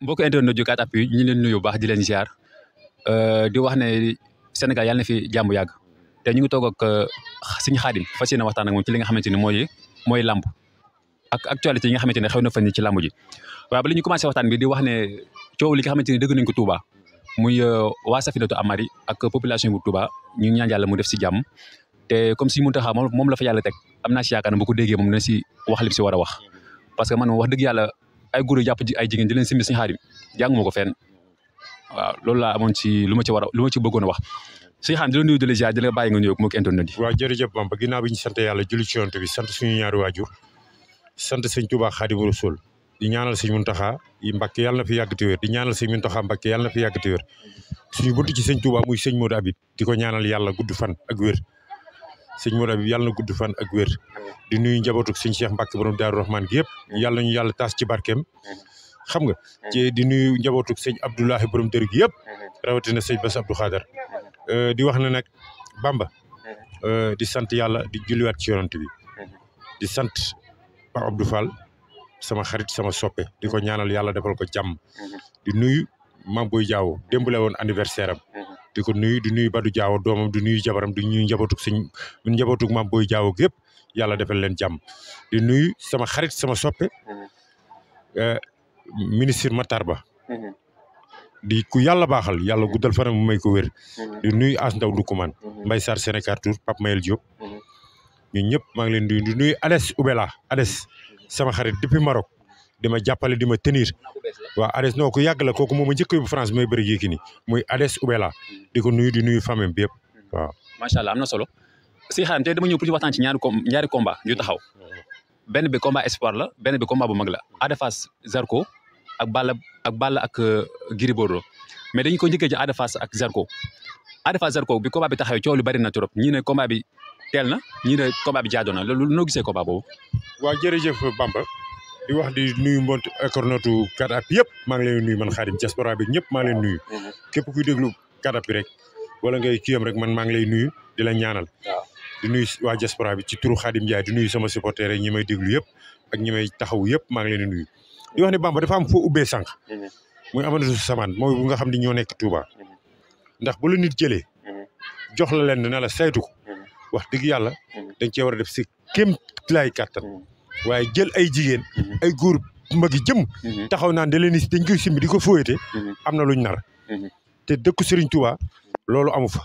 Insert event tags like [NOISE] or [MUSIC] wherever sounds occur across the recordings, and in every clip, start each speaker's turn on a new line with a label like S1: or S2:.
S1: mbokk internet yu 4appuis euh, di wax ne Sénégal yàlla fi jàmm yàgg te ñu ngi toog ak euh, Sëñ Xaadim fas yéene waxtaan ak moom ci li nga xamante ni mooy mooy làmb ak actualité yi nga xamante ne xew na fa yi ci lamb ji waaw ba ñu commencé waxtaan bi di wax ne coow li nga xamante ni dëgg nañ ko Touba muy euh, waa a Amari ak population bu Touba ñu ñaan yàlla mu def si jàmm te comme si Muntaxa moom moom la fa yàlla teg am na si yaakaar ne bu ko déggee moom dina si wax li si war a wax parce que ay góor jàpp ay jigéen di leen simbi suñu xaadim jàng ma ko fenn waaw loolu laa amoon ci lu ma ci war a lu ci bëggoon a wax suñu xaadim di la nuyu di la ziar di la bàyyi nga nuyu moo ko internet yi waaw jërëjëf Bamba ginnaaw bi ñu sant yàlla julli ci yonent bi sant suñu
S2: ñaari waajur sant sëñ Tuubaa Xaadimu Rasuul di ñaanal sëñ Muntaxa yi Mbàkke yàlla fi yàgg te wér di ñaanal sëñ Muntaxa Mbàkke yàlla fi yàgg te wér suñu bunt ci sëñ Tuubaa muy sëñ Moodu Abib di ko ñaanal yàlla gudd fan ak wér sëñ Modou Habib yàlla na gudd fan ak wér di nuyu njabootu sëñ Cheikh Mbacke borom Daaru Rahman gi yëpp yàlla nañu yàlla taas ci barkeem xam nga ci di nuyu njabootu sëñ Abdoulahi borom dër gi yëpp rawatina sëñ Bass Abdou Khadar euh, di wax ne nag Bamba euh, di sant yàlla di julliwaat ci bi di sant Pape Abdou sama xarit sama soppe di ko ñaanal yàlla defal ko jàmm di nuyu Mame Boye Diao woon anniversaire am di ko nuyu di nuyu badu Diaw doomam di nuyu jabaram di nuyu njabootug suñ njabootug maam booy Diaw yëpp yàlla defal leen jàmm di nuyu sama xarit sama soppe mhm. eh, ministre Matar Ba mhm. di ku yàlla baaxal yàlla mhm. guddal fanam mu may ko wér di nuyu As Ndaw Ndukumaan Mbaye Sarr Sénégal Tour Pape Mayel Diop ñun ñëpp maa ngi leen di nuyu di Ades Oubela Ades sama xarit depuis Maroc di ma jàppale di ma tenir waaw Ades non ku yàgg la kooku moom ma njëkk yóbbu France bi may bëri Yékini muy Ades Ubela di ko nuyu di nuyu famille bi yëpp
S1: waaw. macha allah am solo si xaaral dama ñëw pour ñu ñaari com ñaari combat bi combat espoir la benn bi combat bu mag la Zarko ak Balla ak Balla ak euh, Gris Bordeaux mais dañu ko njëkkee ci Ada ak Zarko Ada Fass Zarko bi combat bi taxawee coow lu bari na trop ñii ne combat bi teel na ñii ne combat bi jaadoo na loolu noo gisee combat bo
S2: waaw jërëjëf di wax di nuyu mbont écornotu 4appuis bi yëpp maa ngi leen nuyu man Khadim diaspora bi ñëpp maa ngi leen nuyu mm-hmm. képp kuy déglu 4appuis bi rek wala ngay kiyam rek man maa ngi lay nuyu di la ñaanal di nuyu waa diaspora bi ci turu Khadim Ndiaye di nuyu sama supporter yi ñi may déglu yëpp ak ñi taxaw yëpp maa ngi leen nuyu di wax ne Bamba dafa am foo ubbee sànq mm-hmm. muy Amadou Samane mooy bu nga xam ne ñoo nekk Touba mm-hmm. ndax bu la nit jëlee jox la leen na la saytu ko wax dëgg yàlla dañ cee war a def si kéem laay kàttan waaye jël ay jigéen mhm. ay góor magi jëm mhm. taxaw naan da leen ni dañ koy di ko fóoyate mhm. am na luñ nar te dëkku Serigne Touba loolu amu fa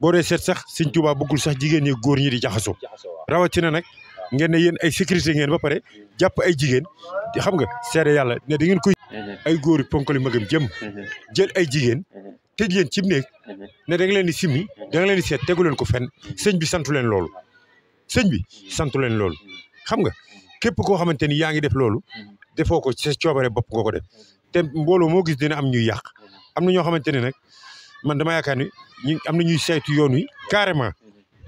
S2: boo dee seet sax Serigne Touba bëggul sax jigéen ñee góor ñi di jaxasoo rawatina nag ngeen ne yéen ay sécurité ngeen ba pare jàpp ay jigéen xam nga seede yàlla ne da ngeen koy ay góor ponkali magam jëm jël ay jigéen tëj leen cib néeg ne da nga leen di simmi da nga leen di seet tegu ko fen sëñ bi santu leen loolu sëñ bi santu leen loolu xam nga képp koo xamante ni yaa ngi def loolu defoo ko sa coobare bopp nga ko def te mbooloo moo gis dina am ñuy yàq am na ñoo xamante ne nag man dama yaakaar ni ñu am na ñuy saytu yoon wi carrément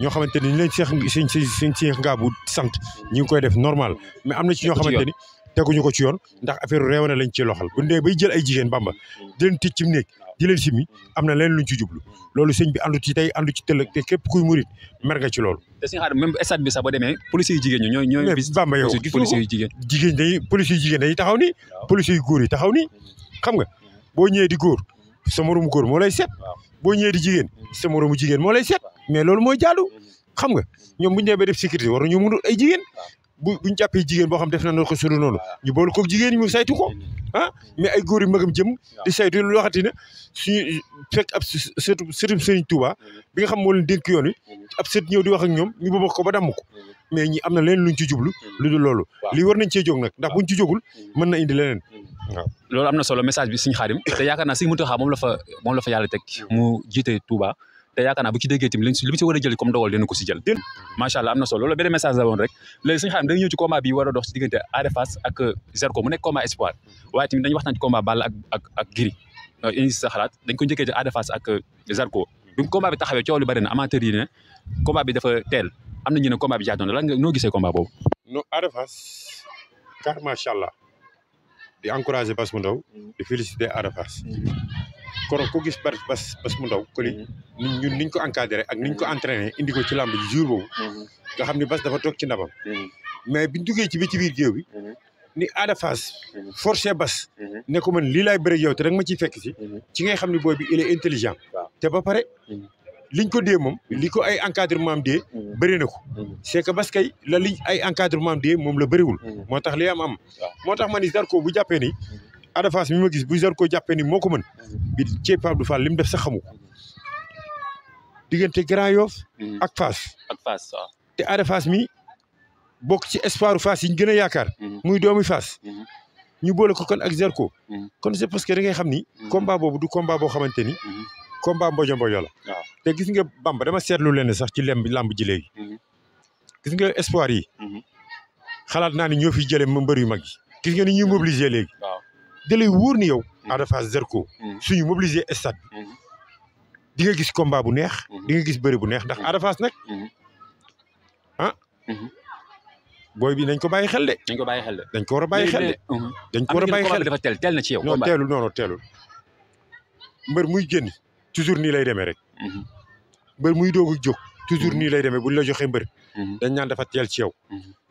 S2: ñoo xamante ni ñu leen seex seen seen seen seex ngaa bu sant ñu ngi koy def normal mais am na ci ñoo xamante ni teguñu ko ci yoon ndax affaire réewane lañ ci loxal bu dee bay jël ay jigéen bamba di leen tëj ci néeg simi am na leen lu ci jublu loolu sëñ bi andu ci tey andu ci képp kuy murit mer nga ci loolu
S1: te sëñ Xaadim même stade bi sax ba demee policiers yu ñooy ñooy bamba yow policiers yu jigéen jigéen dañuy policiers yu jigéen dañuy taxaw góor yi taxaw ni
S2: xam nga boo ñëwee di góor sa góor moo lay seet boo ñëwee di jigéen sa moromu jigéen moo seet mais loolu mooy jaadu xam nga ñoom bu ñu demee ba def sécurité waruñu mënul ay jigéen bu buñ jàppee jigéen boo xam def na ko sulu noonu ñu boole ko jigéen ñu saytu ko ah mais ay góor yu magam jëm di saytu loo xamante ne suñu fekk ab sëtu sëtum sëriñ Touba bi nga xam moo leen dénk yoon wi ab sët ñëw di wax ak ñoom ñu bëgg ko ba damm ko mais ñi am na leneen lu
S1: ci jublu lu dul loolu lii war nañ cee jóg nag ndax buñ ci jógul mën na indi leneen waaw loolu am na solo message bi Serigne Khadim te yaakaar naa Serigne Mountakha moom la fa moom la fa yàlla tek mu jiite Touba te yaakaar naa bu ci déggee tamit lañ si li a jël comme dogal dina ko si jël macha allah am na solo loolu benn message la rek léegi suñu xam dañu ñëw bi war a dox si diggante Ada Fass ak Zarko mu nekk combat dañ ko njëkkee ci Ada Fass ak Zarko bi combat bi taxawee coow lu bari na amateur yi bi dafa teel am na ñu ne combat bi jaadoon lan nga noo gisee combat boobu
S2: non Ada Fass car macha allah di encouragé Bass Mu Ndaw di félicité Ada Fass mm-hmm. koroog ku gis bas bas bas mu ndaw këli mm-hmm. ni ñun niñ ko encadré ak niñ ko mm-hmm. entraîné indi ko ci làmb ji jour boobu mm-hmm. nga xam ni bas dafa toog ci ndabam mais biñ duggee ci bi ci biir géew bi ni Ada Fass forcé bas ne ko man lii laay bëri yow te da ma ciy fekk si ci ngay xam ne booy bi il est intelligent te ba pare liñ ko dee moom li ko ay encadrement am dee bëri na ko c'est que bas kay la liñ ay encadrement am dee moom la bëriwul moo tax li am am moo tax mani ni Zarko bu jàppee ni Ada Fass mi ma gis bu Zarko jàppee ni moo ko mën bi ceeb Pape Abdou Fall li mu def sax xamu diggante Grand Yoff mm. ak Fass ak Fass te Ada Fass mi bokk ci espoiru Fass yi ñu gën yaakaar mm-hmm. muy doomi Fass mm-hmm. ñu boole ko kon ak Zarko mm-hmm. kon c'est parce que da ngay xam ni combat du combat boo xamante ni combat mbojo mbojo la te gis nga Bamba dama seetlu leen sax ci lemb làmb ji léegi gis nga espoir yi xalaat naa ni ñoo fi jële mbër yu mag yi gis nga ni ñuy mobiliser dalay wóor ni yow. Mm-hmm. Ada Fass Zarko. Mm-hmm. suñu mobiliser stade bi. Mm-hmm. di nga gis combat bu neex. di nga gis bëri bu neex ndax Ada Fass nag. ah. booy bi nañ ko bàyyi xel de. nañ ko bàyyi xel dañ ko war a bàyyi xel de.
S1: dañ ko war a bàyyi xel de
S2: dafa ci yow. non teelul non non teelul mbër muy génn toujours nii lay demee rek. mbër muy doog a jóg toujours nii lay demee buñ la joxee mbër. dañ ñaan dafa teel ci yow.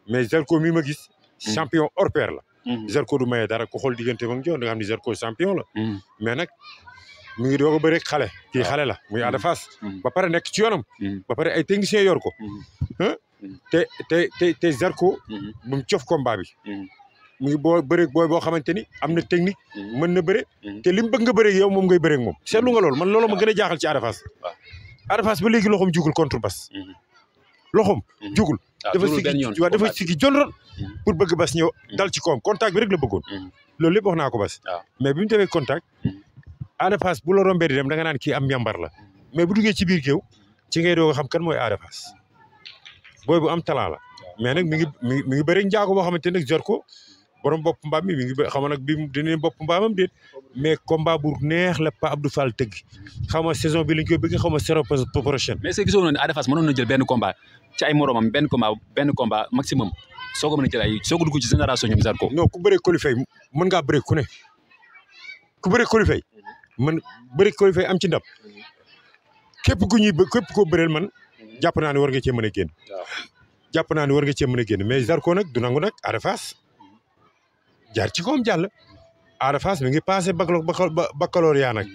S2: mais Zarko mi ma gis. champion hors la. Mhm. Zarko du maye dara ku xool diggante ba nga nga xam ni Zarko champion la. Mhm. mais nag mi ngi doog a bëri xale. kii xale la muy Ada mhm. Fass. ba pare nekk ci yoonam. ba pare ay techniciens yor ko. te te te te Zarko. bu mu cof combat bi. mu ngi boo bëreeg boo xamante ni am na technique. mën na bëre. te li mu bëgg nga bëreeg yow moom ngay bëreeg moom. seetlu nga loolu man loolu ma gën a jaaxal ci Ada Fass. Ada ba léegi loxoom jugul contre Bass. loxoom mhm. jugul ah, dafa siggi waaw dafa siggi jon ron mhm. pour bëgg bas ñëw mhm. dal ci koom contact bi rek la bëggoon loolu lépp wax naa ko bas ah. mais bi mu defee contact Ada Fass bu la rombee di dem da nga naan kii am yambar la mais bu duggee ci biir géew ci ngay doo xam kan mooy Ada Fass bu am talent la ah. mais nag mi ngi mi ngi bëri njaago boo xamante ne jor ko borom bopp mbaam mi mi ngi xama nag bi dinañ bopp mbaamam déet mais combat neex la Pa Abdou Fall tëgg xama saison bi lañ koy bëgg xama saison
S1: prochaine mais c'est gisoo noonu ne Ada Fass mënoon na jël benn combat ci ay moromam benn combat benn combat maximum soo ko mën a jël ay soo ko dugg ci génération ñoom Zarko non ku bëree ku ne
S2: ku bëree qualifié man bëree qualifié am ci ndam képp ku ñuy képp koo bëreel man jàpp naa ne war nga cee mën a génn jàpp naa ne war nga cee mën a génn mais Zarko nag du nangu nag Ada Fass jaar ci koom jàll. Ada Fass mi ngi passé baclo baccalauréat nag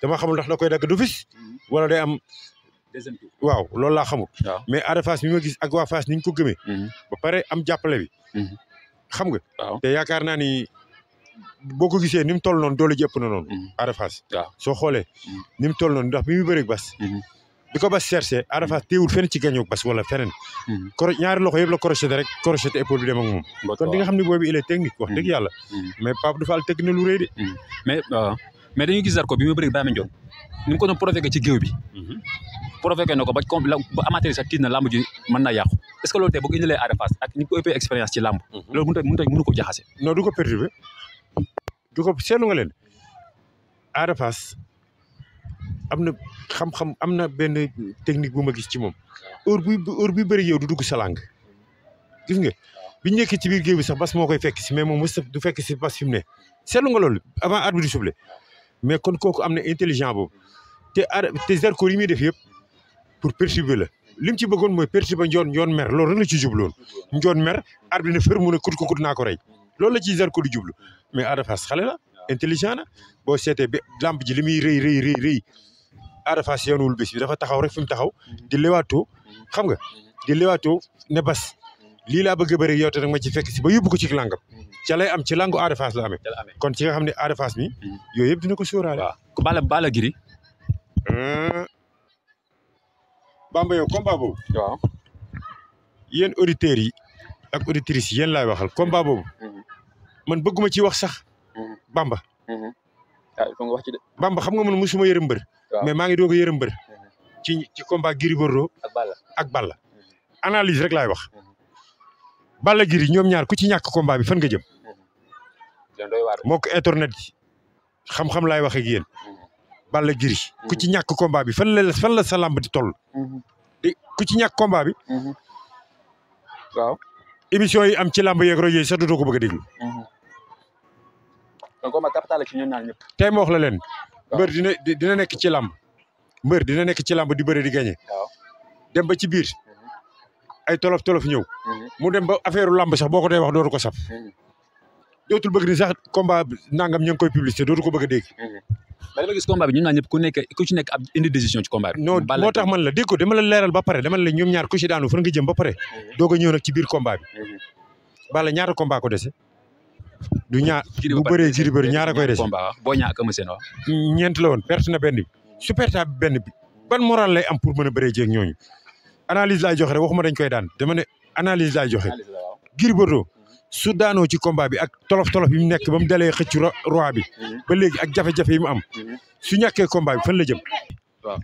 S2: dama xam ndax da koy dagg du fis wala day am. waaw loolu laa xamul. mais Ada Fass mi ma gis ak waa Fass ñu ko gëmee. Mhm. ba pare am jàppale bi. Mhm. xam nga. te yaakaar naa ni boo ko gisee ni mu toll noonu doole jëpp na noonu. Mhm. Ada Fass. soo xoolee. ni mu toll noonu ndax bi mu bëreeg bas. bi ko bas cherché Arafaas teewul fenn ci gàncax bas wala feneen. Hmm. koro loxo yëpp la rek crocheté épaule bi dem ak kon di nga xam ne boobu il est technique wax dëgg hmm. yàlla. Hmm. mais Pape dafa al teg na de.
S1: mais mais dañuy gis bi mu bëri Baye Mandione ni ko doon provoqué ci géew bi. provoqué ko ba comme ba amateur na làmb ji mën naa yàqu est ce que loolu tey bu ko indilee Arafaas ak ni ko ëppee expérience ci làmb. loolu mënut a mënut ko jaxase. non du ko perturbé du ko
S2: am na xam-xam am na benn technique bu ma gis ci moom heure bu heure bu bëri yow du dugg sa langue gis nga biñ nekkee ci biir géew bi sax bas moo koy fekk si mais moom mos du fekk si bas fi mu ne seetlu nga loolu avant arbitre du souffle mais kon kooku am na intelligent boobu te ar te Zarko yi muy def yëpp pour perturber la li mu ci bëggoon mooy perturber njoon njoon mer loolu rek ci jubloon njoon mer arbitre ne fër mu ne kut ko kut naa rey loolu la ci Zarko di jublu mais Ada Fass xale la na boo seetee ba lamb ji li muy rëy rëy rëy Ada Fass yeenuwul bés bi dafa taxaw rek fi mu taxaw mhm. di lewaatoo xam nga di lewaatoo ne bas mhm. lii laa bëgg a bëri yow te nag ma ci fekk si ba yóbbu ko ci langam mhm. ca lay am ci langu Ada Fass la amee kon ci nga xam ne Ada Fass
S1: mi yooyu yëpp dina ko sóoraale waaw Balla Balla Giri
S2: euh, Bamba yow combat boobu waaw yéen auditeurs yi ak auditrices yen yéen laay waxal combat boobu man bëgguma ci wax sax Bamba
S1: ah, waaw ci de
S2: xam nga man musuma yërëm mbër mais maa ngi doog a yërëm mbër mhm. ci ci combat Gris Bordeaux ak Balla mhm. analyse rek laay wax mhm. Balla Gris ñoom ñaar ku ci ñàkk combat bi fan nga jëm moo internet yi xam-xam laay wax ak yéen Balla Gris ku ci ñàkk combat bi fan la fan la sa di toll ku ci ñàkk combat bi émission yi am ci làmb yeeg rajo yi sax dootoo ko bëgg a déglu. donc leen mbër dina dina nekk ci làmb mbër dina nekk ci làmb di bëre di gagné. dem ba ci biir mhm. ay tolof tolof ñëw. Mhm. mu dem ba affaire làmb sax boo ko dee wax dootu ko saf. Mhm. dootul bëgg ni sax combat nangam ñu ngi koy publicité dootu ko bëgg a dégg.
S1: ba dama gis combat bi ñun ñaar ku nekk ku ci nekk ab indi décision ci combat bi. non
S2: moo la dégg ko dama la ba pare dama la ñoom ñaar ku ci daanu fan nga jëm ba pare. doog a ñëw nag ci biir combat bi. Balla ñaata combat ko dese. du ñaar bu bëree Gris Bordeaux ñaara koy des. boo ñaar ak Eumeu Sène hmm, ñeent la woon perte na benn bi su perte benn bi ban moral lay am pour mën a bëree jéeg ñooñu analyse laay joxe rek waxuma dañ koy daan dama ne analyse laay joxe. Gris su daanoo ci combat bi ak tolof tolof yi mu nekk ba mu dalee xëccu roi bi hmm. ba léegi ak jafe-jafe yi mu am hmm. su ñakkee combat fan la jëm. waaw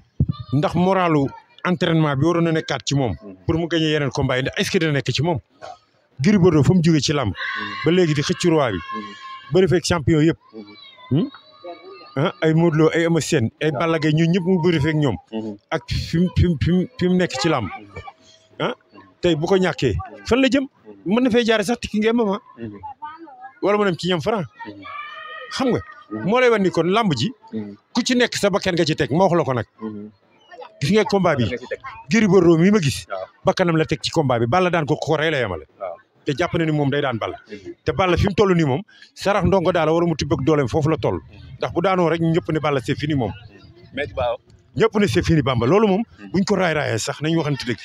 S2: ndax moralu entraînement bi waroon na nekkaat ci moom. pour mu gagné yeneen combat yi ndax est nekk ci moom. Gris Bordeaux fa mu jógee ci làmb ba léegi di xëcc roi bi bëri feeg champion yëpp hmm? ah, ay Modou Lo ay Eumeu ay Balla Gaye ñun ñëpp mu bëri feeg ñoom hmm. ak fi mu fi fi mu nekk ci làmb ah tey bu ko ñàkkee fan la jëm mën na fay jaare sax tikki ngeen mama wala mu ci ñam franc xam nga moo lay wan kon làmb ji ku ci nekk sa bakkan nga ci teg ma wax la ko nag gis nga combat bi Gris Bordeaux mii ma gis bakkanam la tek ci combat bi Balla daan ko ko te jàpp na ni moom day daan Balla te Balla fi mu toll nii moom sarax ndongo daal war a mu tibbeg dooleem foofu la tol ndax bu daanoo rek ñëpp ne Balla c'est fini moom ñëpp ne c'est fini Bamba loolu moom buñ ko raay raayee sax nañu waxante dëgg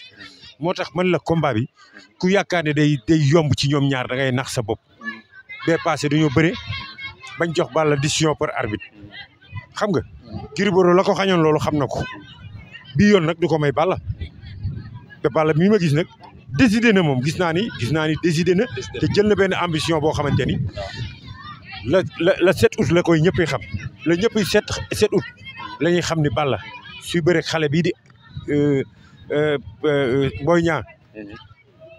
S2: moo tax man la combat bi ku yaakaar ne day day yomb ci ñoom ñaar da ngay nax sa bopp bee passé dañoo bëre bañ jox Balla décision par arbitre xam nga Gris Bordeaux la ko xañoon loolu xam na ko bii yoon nag du ko may Balla te Balla bi ma gis nag décidé na moom gis naa ni gis naa ni décidé na te jël na benn ambition boo xamante ni la la la 7 août la koy ñëppay xam la ñëppay set 7 août la ñuy xam ni Balla suy bëre xale bii di euh, euh, euh, Boy Niang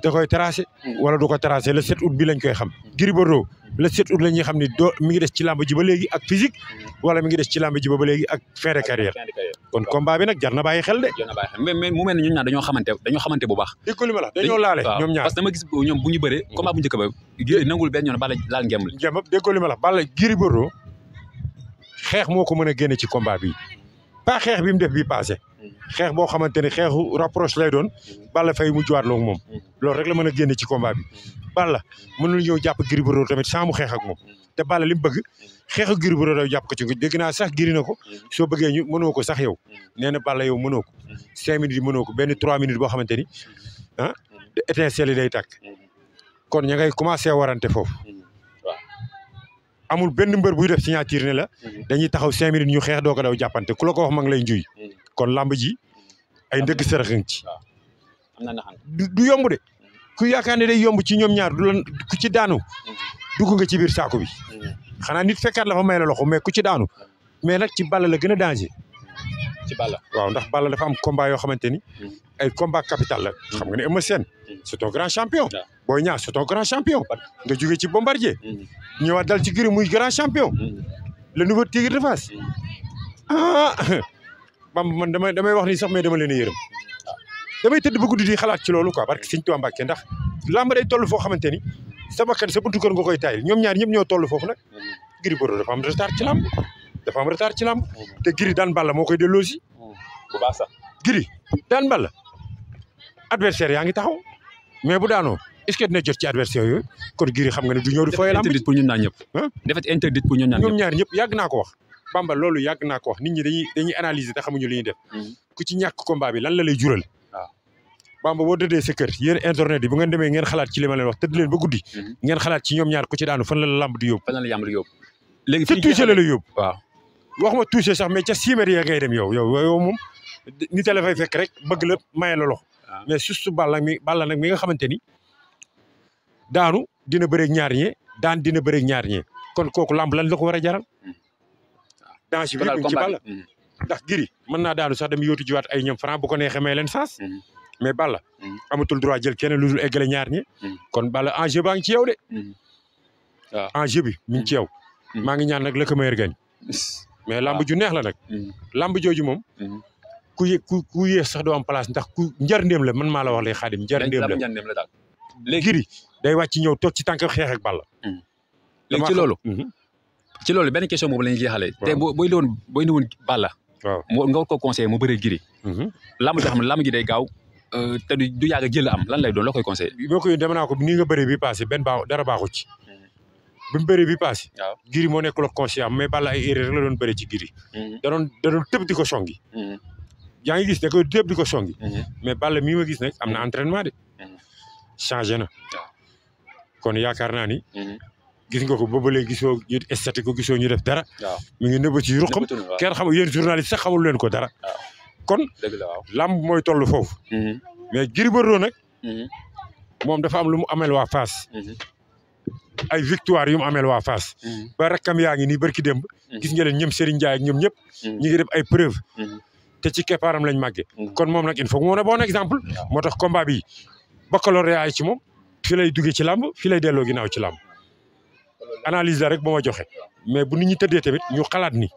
S2: te koy tracé wala du ko tracé le 7 août bi lañ koy xam Gris Bordeaux le 7 août la ñuy xam ni doo mi ngi des ci làmb ji ba léegi ak physique wala mi ngi des ci làmb ji a léegi ak fin de carrière kon combat bi nag jar na bàyyi xel de
S1: mais mais mu mel ne ñoom ñaar dañoo xamante dañoo xamante bu baax dégg li ma la dañoo laale ñoom ñaar parce que dama gis ñoom bu ñu bëree mm. bu njëkk ba nangul benn ñoon bala laal ngem li ngem dégg li ma la bala
S2: xeex moo ko mën a génne ci combat bi pas xeex bi mu def bi passé xeex boo xamante ni xeexu rapproche lay doon bala Faye mu juwaat loog moom loolu rek la mën a génne ci combat bi Balla mënul ñëw jàpp Gris Bordeaux tamit sans mu xeex ak moom te bala li mu bëgg xeexu Gris Bordeaux jàpp ko ci nga naa sax giri na ko soo bëggee ñu mënoo ko sax yow nee na Balla yow mënoo ko cinq minutes yi mënoo ko benn trois minutes bo xamante ni ah étincelle yi day tàkk kon ña ngay commencé warante foofu amul benn mbër buy def signature ne la mhm. dañuy taxaw cinq minutes ñu xeex doo ko daw jàppante ku la ko wax ma ngi lay njuy mhm. kon làmb ji ay ndëkk sërëxën ci du yomb de ku yaakaar ne day yomb ci ñoom ñaar du la ku ci daanu mhm. dugg nga ci biir saako bi xanaa nit fekkaat la fa may la loxo mais ku ci daanu mais nag ci Balla la gën a danger ci Balla waaw ndax Balla dafa am combat yoo xamante ni ay combat capital la xam nga ne Eumeu Sène c'est un grand champion Boy Niang c'est un grand champion. nga jógee ci Bombardier. ñëwaat dal ci Gris muy grand champion. le nouveau Tigre de Fass. ah [LAUGHS] man damay damay wax ni sax ma dama leen a yërëm. damay tëdd ba guddi di xalaat ci loolu ko parce que Sëñ Tuubaa ndax lamb day toll foo xamante ni sa bakkan sa buntu kër nga koy taayil ñoom ñaar ñëpp ñoo toll foofu nag. Gris Bordeaux dafa am retard ci làmb dafa am retard ci làmb te Gris daan Balla moo koy delloo si.
S1: bu
S2: baax sax Gris daan Balla adversaire yaa ngi taxaw mais bu daanoo. est-ce que dina jot ci adversaire yooyu kon Gris xam nga ne du ñëw fooy lamb interdit pour ñoom ñaar ñëpp defet naa ko wax Bamba loolu yàgg naa ko wax nit ñi dañuy dañuy xamuñu li def mhm. ku ci ñàkk combat bi lan la lay jural ah. Bamba boo dëddee sa kër internet yi bu ngeen demee ngeen xalaat ci li wax tëdd leen ba guddi mhm. ngeen xalaat ci ñoom ñaar ku ci daanu fan la lamb di yóbbu fan la la yàmb di yóbbu la la yóbbu waaw wax sax mais ca simére a daanu dina bëreeg ñaar ñe daan dina bëreeg ñaar ñe kon kooku lamb lan la ko war a jaral. waaw mm-hmm. ci balla mm-hmm. ndax giri mën naa daanu sax dem yootu jiwaat ay ñoom franc bu ko neexee may leen saas. Mm-hmm. mais balla amatul droit jël keneen lu dul eggale ñaar ñi. kon balla enge baa ngi ci yow de. waaw bi mi ci yow. maa ngi ñaan nag la ko meilleur gañ. [LAUGHS] mais lamb ju neex la nag. lamb jooju moom. ku ye ku ku yéex sax doo am place ndax ku njarndeem la man maa la wax lay xaadim njarndeem la léegi Gris
S1: day wàcc ñëw toog ci tànk xeex ak Balla. Hmm. léegi ci loolu. Hmm. ci loolu benn question boobu la ñuy jeexalee. te boo booy doon booy doon Balla. waaw mu nga war ko conseillé mu bëree Gris. Hmm. lamb joo xam ne lamb ji day gaaw. Euh, te du yàgg a jël am lan lay doon la koy conseillé.
S2: boo ko dem naa ko ni nga bi passé benn baax dara baaxu ci. bi mu bëree bi passé. waaw moo nekk la conseillé am mais Balla ay erreur rek la doon bëree ci Gris. da doon da songi. yaa ngi gis da koy tëb di ko songi. mais Balla mii ma gis am na entraînement de. changé na kon yaakaar naa ni. Mhm. gis nga ko ba ba léegi gisoo ñu esthétique ko def dara. mu ngi nëbba ci ruqam xam xamul yéen journaliste sax xamul leen ko dara. kon làmb mooy toll foofu. Mhm. mais Gris Bordeaux nag. Mhm. moom dafa am lu mu amel waa Fass. ay victoire yu mu ameel waa Fass. ba rakkam yaa ngi nii barki démb. gis nga leen ñoom Serigne Ndiaye ak ñoom ñëpp. ñu ngi def ay preuve te ci keppaaram lañ màggee. kon moom nag il faut que mu bon exemple. moo tax baccalauréat yi ci moom fii lay duggee ci làmb fii lay delloo ginnaaw ci làmb analyse la rek ba ma joxe mais bu nit ñi tëddee tamit ñu xalaat ni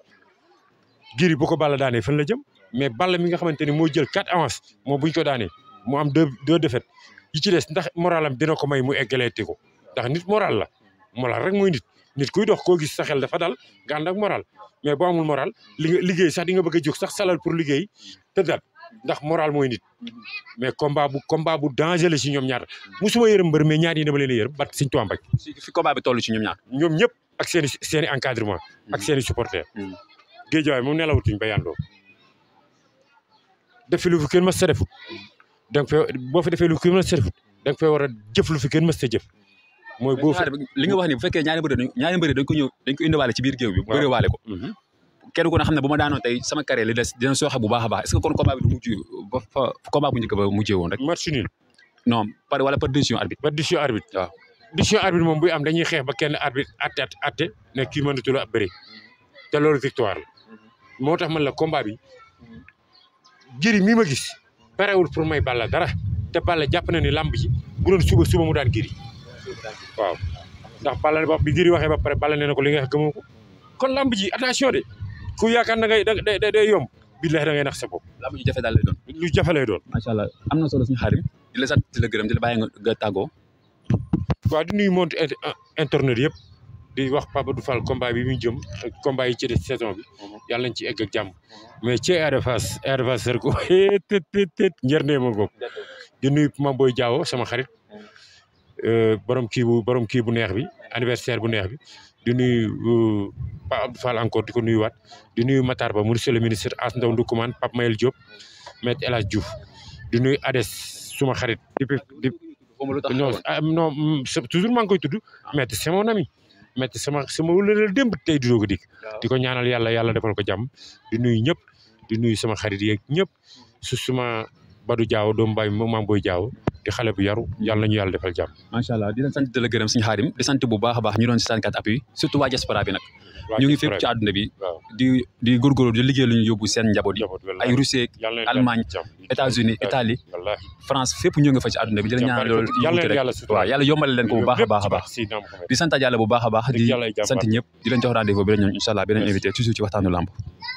S2: Gris bu ko Balla daanee fan la jëm mais Balla mi nga xamante ni moo jël quatre avance moom bu ñu ko daanee mu am deux deux défaites yi ci des ndax moralam dina ko may mu eggaleeti ko ndax nit moral la moral rek mooy nit nit kuy dox koo gis sa xel dafa dal nga ànd moral mais boo amul moral li nga liggéey sax di nga bëgg a jóg sax salal pour liggéey tëddaat ndax moral mooy nit mm-hmm. mais combat bu combat bu danger la si ñoom ñaar musuma yërëm mbër mais ñaar yi dama leen a yërëm bat siñ tuwam baj fi combat bi toll si ñoom ñaar ñoom ñëpp ak seen i seen i encadrement ak mm-hmm. seen i supporter mm-hmm. géejawaay moom nelawutuñ ba yàndoo defi lu fi kenn mës ta defut danga fa boo fi defee lu fi kenn mës war a jëf lu fi kenn mës ta jëf
S1: mooy boo li nga wax ni bu fekkee ñaari mbër ñaari dañ ko ñëw dañ ko indiwaale ci biir bi bëre waale kenn ku ne xam ne bu ma daanoo tey sama carré li des dina bu baax a baax est-ce que kon combat bi du mujj ba fa combat ba mujjee woon rek. match nul. non par wala par décision arbitre. par décision arbitre waaw. décision arbitre moom xeex ba kenn arbitre atte atte ne kii mënatul a bëri
S2: te loolu victoire la moo tax man la combat bi jëri mi ma gis parewul pour may Balla dara te Balla jàpp na ni làmb ji bu doon suba suba mu daan giri waaw ndax Balla bi giri waxe ba pare Balla nee na ko li nga xam gëmoo ko kon làmb ji
S1: attention de. ku yaakaar na ngay da day yomb billahi da ngay nax sa bopp lu jafe daal lay doon lu doon macha allah am na solo suñu xarit di la sant di la gërëm di la bàyyi nga tàggoo waaw di nuyu monde internet yëpp di wax Pape du Fall combat bi mu jëm combat
S2: yi ci saison bi yàlla nañ ci egg ak mais ci Ada Fass Ada Fass rek tët tët tët njërnee ma bopp di nuyu Mame Boy sama xarit euh, borom kii bu borom kii bu neex bi anniversaire bu neex bi di nuyu uh, Pa Abdou Fall encore di ko nuyuwaat di nuyu Matar Ba monsieur le ministre As Ndaw Ndoukoumane Pape Mayel Diop maître El Hadj Diouf di nuyu Ades suma xarit. non ah, mm, toujours maa ngi koy tudd maître c'est mon ami maître sama sama wëlëral démb tey di doog a di ko ñaanal yàlla yàlla defal ko jàmm di nuyu ñëpp di nuyu sama xarit yeeg ñëpp su suma
S1: badu Diaw doomu mbay mi moom maa ngi booy Diaw di xale bu yaru mm-hmm. yàlla ñu yàlla defal jàmm macha allah di leen la gërëm suñu xaarim bu baax a baax ñu doon si 4 appui surtout waa diaspora bi nag ñu ngi fépp ci àdduna bi di di di liggéey lu yóbbu seen njaboot ay Russie Allemagne États-Unis Italie France fépp ñu nga fa ci àdduna bi di la ñaan loolu yombale leen bu baax a baax a di santaat a baax di ñëpp di leen jox rendez bi la ñoom incha allah beneen invité